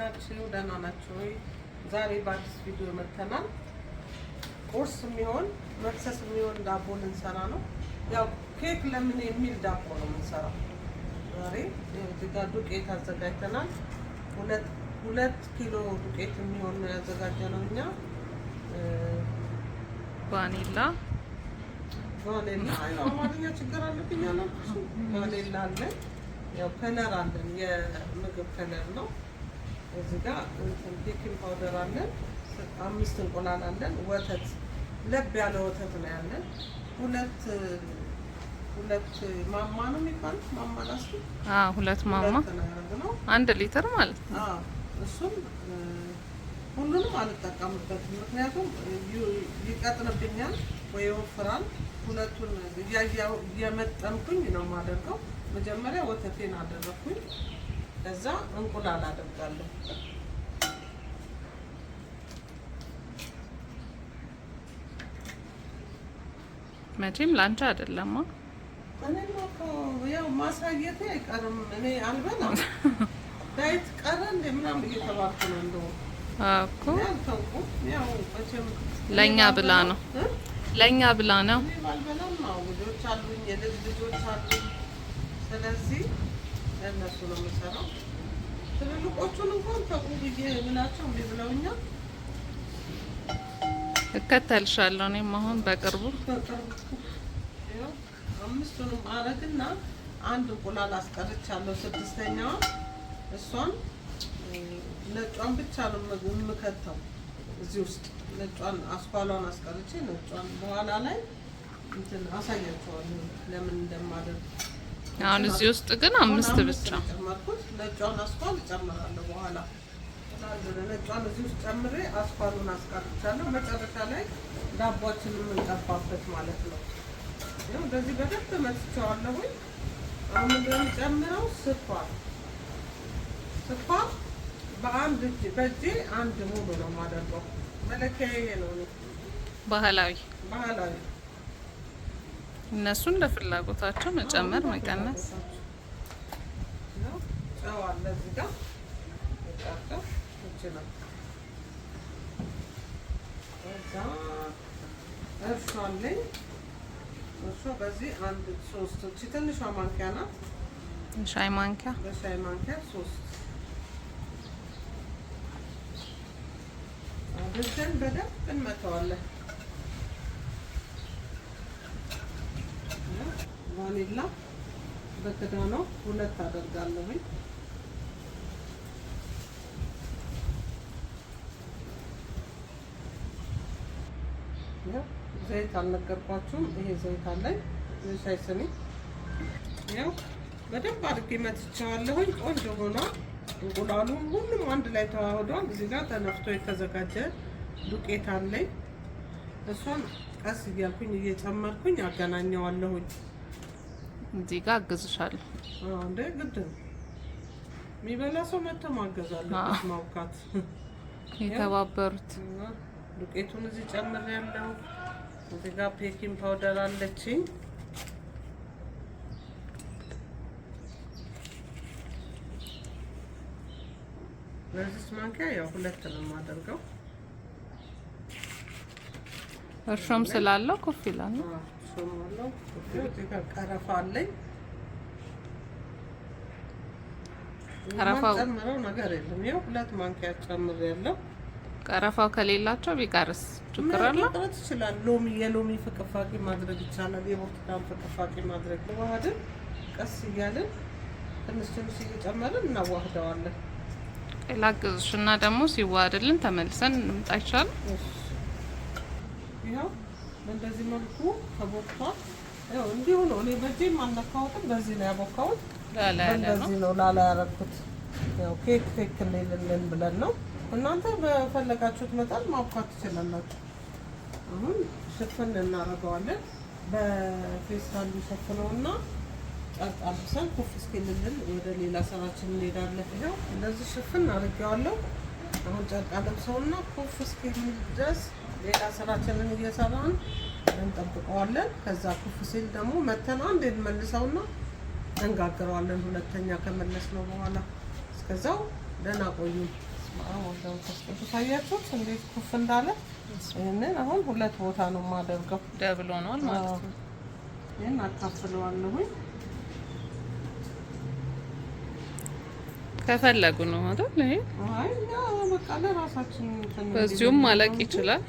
ናችሁ? ደህና ናችሁ ወይ? ዛሬ በአዲስ ቪዲዮ መጥተናል። ቁርስ የሚሆን መክሰስ የሚሆን ዳቦ ልንሰራ ነው። ያው ኬክ ለምን የሚል ዳቦ ነው የምንሰራው ዛሬ። እዚህ ጋር ዱቄት አዘጋጅተናል። ሁለት ኪሎ ዱቄት የሚሆን ነው ያዘጋጀነው እኛ። ቫኒላ ቫኒላ አማርኛ ችግር አለብኝ ቫኒላ አለን፣ ያው ከለር አለን፣ የምግብ ከለር ነው እዚህ ጋር ቤኪንግ ፓውደር አለን፣ አምስት እንቁላል አለን። ወተት ለብ ያለ ወተት ነው ያለን። ሁለት ሁለት ማማ ነው የሚባለው ማማ ላስቱ ሁለት ማማ አንድ ሊትር ማለት ነው። እሱም ሁሉንም አልጠቀምበትም፣ ምክንያቱም ይቀጥንብኛል ወይ ወፍራል። ሁለቱን እያየመጠንኩኝ ነው የማደርገው። መጀመሪያ ወተቴን አደረግኩኝ። ከዛ እንቁላል አደርጋለሁ። መቼም ላንቺ አይደለም። እኔማ እኮ ያው ማሳየቴ አይቀርም። እኔ አልበላም ዳይት ቀረ እንደ ምናምን እየተባልኩ ነው። እንደውም እኮ ለእኛ ብላ ነው ለእኛ ብላ ነው። እኔም ልጆች አሉኝ፣ የልጅ ልጆች አሉኝ። ስለዚህ ለእነሱ ነው የምሰራው። ትልልቆቹን እንኳን ተቁ ብዬ ብላቸው እምቢ ብለውኛል። እከተልሻለሁ። እኔም አሁን በቅርቡ አምስቱንም አረግና አንድ እንቁላል አስቀርቻለሁ። ስድስተኛዋ እሷን ነጯን ብቻ ነው የምከተው እዚህ ውስጥ ነጯን አስኳሏን አስቀርቼ ነጯን በኋላ ላይ እንትን አሳያቸዋለሁ ለምን እንደማደርግ አሁን እዚህ ውስጥ ግን አምስት ብቻ ጨመርኩት። ነጯን አስኳል እጨምራለሁ በኋላ ነጯን እዚህ ውስጥ ጨምሬ አስኳሉን አስቀርቻለሁ። መጨረሻ ላይ ዳቧችን የምንቀባበት ማለት ነው። ይኸው እንደዚህ በደንብ መትቼዋለሁኝ። አሁን እንደምጨምረው ስኳር ስኳር በአንድ እጅ በእጄ አንድ ሙሉ ነው የማደርገው። መለኪያ ይሄ ነው ባህላዊ ባህላዊ እነሱ እንደ ፍላጎታቸው መጨመር መቀነስ እርሷለኝ ሶስት ማንኪያ ሻይ ማንኪያ ሶስት አድርገን በደንብ እንመተዋለን። ቫኒላ በክዳኗ ሁለት አደርጋለሁኝ። ዘይት አልነገርኳችሁም። ይሄ ዘይት አለኝ ሻይ ስኒ ያው በደንብ አድርጌ መትቸዋለሁኝ። ቆንጆ ሆኗል። እንቁላሉ ሁሉም አንድ ላይ ተዋህዷል። እዚህ ጋር ተነፍቶ የተዘጋጀ ዱቄት አለኝ። እሷን ቀስ እያልኩኝ እየጨመርኩኝ አገናኘዋለሁኝ። እዚህ ጋር አግዝሻለሁ። እንደ ግድ የሚበላ ሰው መጥቶ ማገዝ አለበት፣ ማውቃት የተባበሩት ዱቄቱን እዚህ ያለው እዚህ ጋር ፔኪን ፓውደር አለችኝ። በዚህ ማንኪያ ያው ሁለት ነው የማደርገው። እርሾም ስላለው ኮፍ ይላል። ነው አስገባለሁ። ቀረፋ አለኝ። ጨምረው ነገር የለም። ያው ሁለት ማንኪያ ጨምር ያለው ቀረፋው ከሌላቸው ቢቀርስ ችግር አለ? መጥረት ይችላል። ሎሚ የሎሚ ፍቅፋቂ ማድረግ ይቻላል። የቦርትዳን ፍቅፋቂ ማድረግ ዋህድን ቀስ እያልን ትንሽ ትንሽ እየጨመርን እናዋህደዋለን። ላግዝሽ እና ደግሞ ሲዋሃድልን ተመልሰን እንምጣ ይቻላል። ይኸው በእንደዚህ መልኩ ተቦክቷል። ያው እንዲሁ ነው። እኔ በእጄም አልነካሁትም። በዚህ ነው ያቦካሁት። በእንደዚህ ነው ላላ ያረኩት። ያው ኬክ ኬክ እንልልን ብለን ነው። እናንተ በፈለጋችሁት መጠን ማብኳት ትችላላችሁ። አሁን ሽፍን እናደርገዋለን። በፌስታሉ ሸፍነውና ጨርቅ አልብሰን ኩፍ እስኪልልን ወደ ሌላ ስራችን እንሄዳለን። ይኸው እንደዚህ ሽፍን አድርጌዋለሁ። አሁን ጨርቅ አልብሰውና ኩፍ እስኪልል ድረስ ሌላ ስራችንን እየሰራን እንጠብቀዋለን። ከዛ ኩፍ ሲል ደግሞ መተን አንድ እንመልሰውና እንጋግረዋለን። ሁለተኛ ከመለስ ነው በኋላ እስከዛው ደህና ቆዩ። ቅዱስ እንዴት ኩፍ እንዳለ። ይህንን አሁን ሁለት ቦታ ነው የማደርገው። ደብል ሆኗል ማለት ነው። ይህን አካፍለዋለሁኝ ከፈለጉ ነው አይደል? አይ አይ በቃ ለራሳችን በዚሁም ማለቅ ይችላል።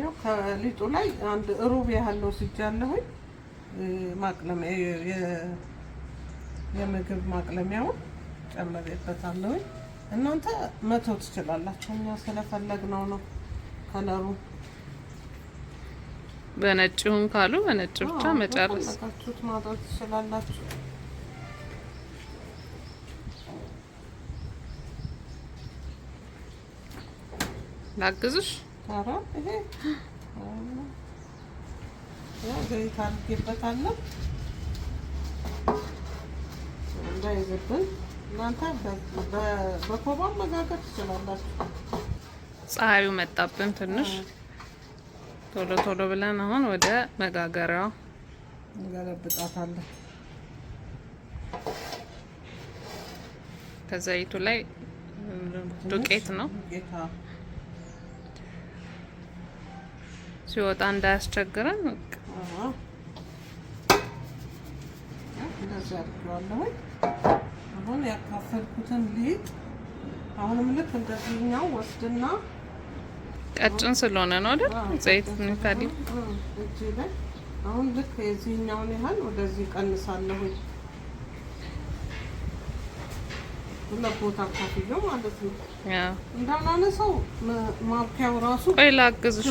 ያው ከሊጡ ላይ አንድ ሩብ ያህል ወስጃለሁኝ። ማቅለሚያ የምግብ ማቅለሚያውን ጨምሬበታለሁኝ። እናንተ መተው ትችላላችሁ። እኛ ስለፈለግነው ነው ከለሩ በነጭውም ካሉ በነጭ ብቻ መጨረስ ማውጣት ትችላላችሁ። ላግዝሽ። ኧረ ይሄ ዘይት አድርጌበታለሁ እንዳይዝብን። እናንተ በኮባ መጋገር ትችላላችሁ። ፀሐዩ መጣብን ትንሽ ቶሎ ቶሎ ብለን አሁን ወደ መጋገሪያው እንገለብጣታለን። ከዘይቱ ላይ ዱቄት ነው ሲወጣ እንዳያስቸግረን አሁን ያካፈልኩትን ሊጥ አሁንም ልክ እንደዚህኛው ወስድና ቀጭን ስለሆነ ነው አይደል? ዘይት ንታዲ አሁን ልክ የዚህኛውን ያህል ወደዚህ ቀንሳለሁ። ሁለት ቦታ ካፍዬው ማለት ነው። ማብኪያው ራሱ ቆይ ላግዝሽ።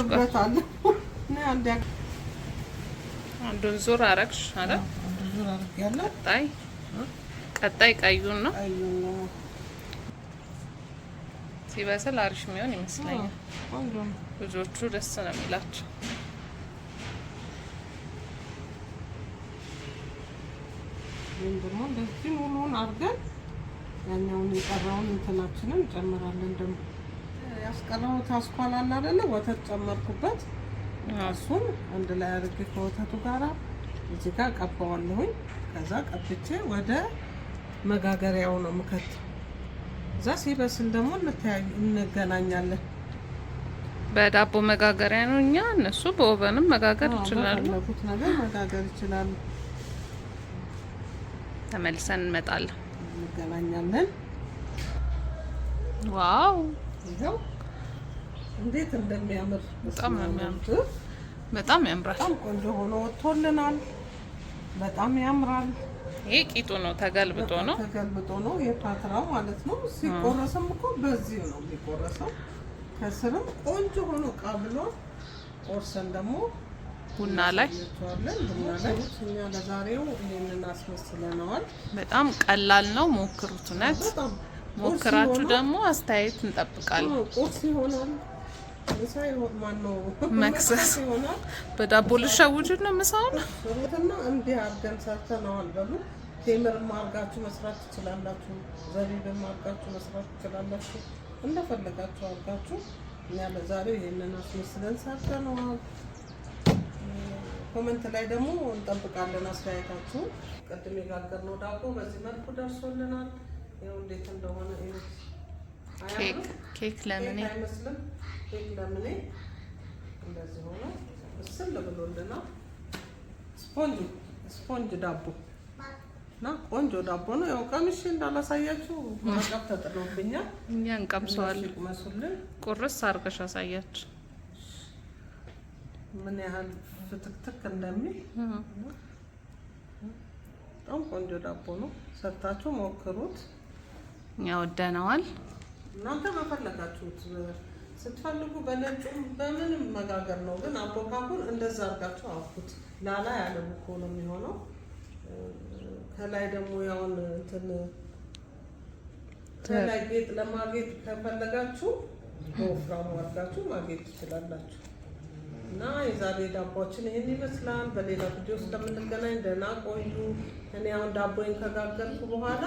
አንዱን ዙር አረግሽ አይደል? ቀጣይ ቀጣይ ቀዩን ነው ሲበስል አሪፍ የሚሆን ይመስለኛል። ብዙዎቹ ደስ ነው የሚላቸው። ወይም ደግሞ እንደዚህ ሙሉውን አድርገን ያኛውን የቀረውን እንትናችንን እንጨምራለን። ደግሞ ያስቀረው ታስኳላ አይደለ ወተት ጨመርኩበት። እሱን አንድ ላይ አድርጌ ከወተቱ ጋራ እዚህ ጋር ቀባዋለሁኝ። ከዛ ቀብቼ ወደ መጋገሪያው ነው የምከተው። እዛ ሲበስል ደግሞ እንገናኛለን። በዳቦ መጋገሪያ ነው እኛ፣ እነሱ በኦቨንም መጋገር ይችላሉ። ለኩት ነገር መጋገር ይችላሉ። ተመልሰን እንመጣለን፣ እንገናኛለን። ዋው ይሄው እንዴት እንደሚያምር በጣም በጣም ያምራል። በጣም ቆንጆ ሆኖ ወጥቶልናል። በጣም ያምራል። ይሄ ቂጡ ነው ተገልብጦ ነው ተገልብጦ ነው የፓትራው ማለት ነው። ሲቆረስም እኮ በዚህ ነው የሚቆረሰው። ከስርም ቆንጆ ሆኖ ቀብሎ ቆርሰን ደግሞ ቡና ላይ ቡና እኛ ለዛሬው ይህንን አስመስለነዋል። በጣም ቀላል ነው። ሞክሩት። እውነት ሞክራችሁ ደግሞ አስተያየት እንጠብቃለን። ቁርስ ይሆናል መክሰስ በዳቦ ልሸውጁ ነው ምሳውን እንዲህ አድርገን ሰርተነዋል በሉ ቴምርም አድርጋችሁ መስራት ትችላላችሁ። ዘቢብም አድርጋችሁ መስራት ትችላላችሁ። እንደፈለጋችሁ አርጋችሁ እኛ ለዛሬው ይህንን አስመስለን ሰርተነዋል። ኮመንት ላይ ደግሞ እንጠብቃለን አስተያየታችሁ። ቅድም የጋገርነው ዳቦ በዚህ መልኩ ደርሶልናል። ይኸው እንዴት እንደሆነ ኬክ ኬክ ለምኔ አይመስልም። ኬክ ለምኔ እንደዚህ ሆኖ እስል ብሎልናል። ስፖንጅ ስፖንጅ ዳቦ እና ቆንጆ ዳቦ ነው። ያው ቀምሼ እንዳላሳያችሁ መቀብ ተጥሎብኛል። እኛ እንቀምሰዋለን። ቁርስ አርገሽ አሳያችሁ ምን ያህል ፍትክትክ እንደሚል በጣም ቆንጆ ዳቦ ነው። ሰርታችሁ ሞክሩት። እኛ ወደነዋል። እናንተ በፈለጋችሁት ስትፈልጉ በነጩም በምንም መጋገር ነው። ግን አቦካኩን እንደዛ አርጋችሁ አውኩት። ላላ ያለ እኮ ነው የሚሆነው ከላይ ደግሞ ያውን እንትን ከላይ ጌጥ ለማጌጥ ከፈለጋችሁ በወፍራሙ አድርጋችሁ ማጌጥ ትችላላችሁ። እና የዛሬ ዳቦችን ይህን ይመስላል። በሌላ ቪዲዮ እስከምንገናኝ ደህና ቆዩ። እኔ አሁን ዳቦኝ ከጋገርኩ በኋላ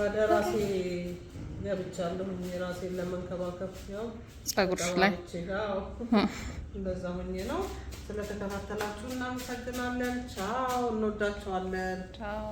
ወደ ራሴ ገብቻለሁ። የራሴን ለመንከባከብ ያው ጸጉሮች ላይ እንደዛ ሆኜ ነው። ስለተከታተላችሁ እናመሰግናለን። ቻው፣ እንወዳችኋለን። ቻው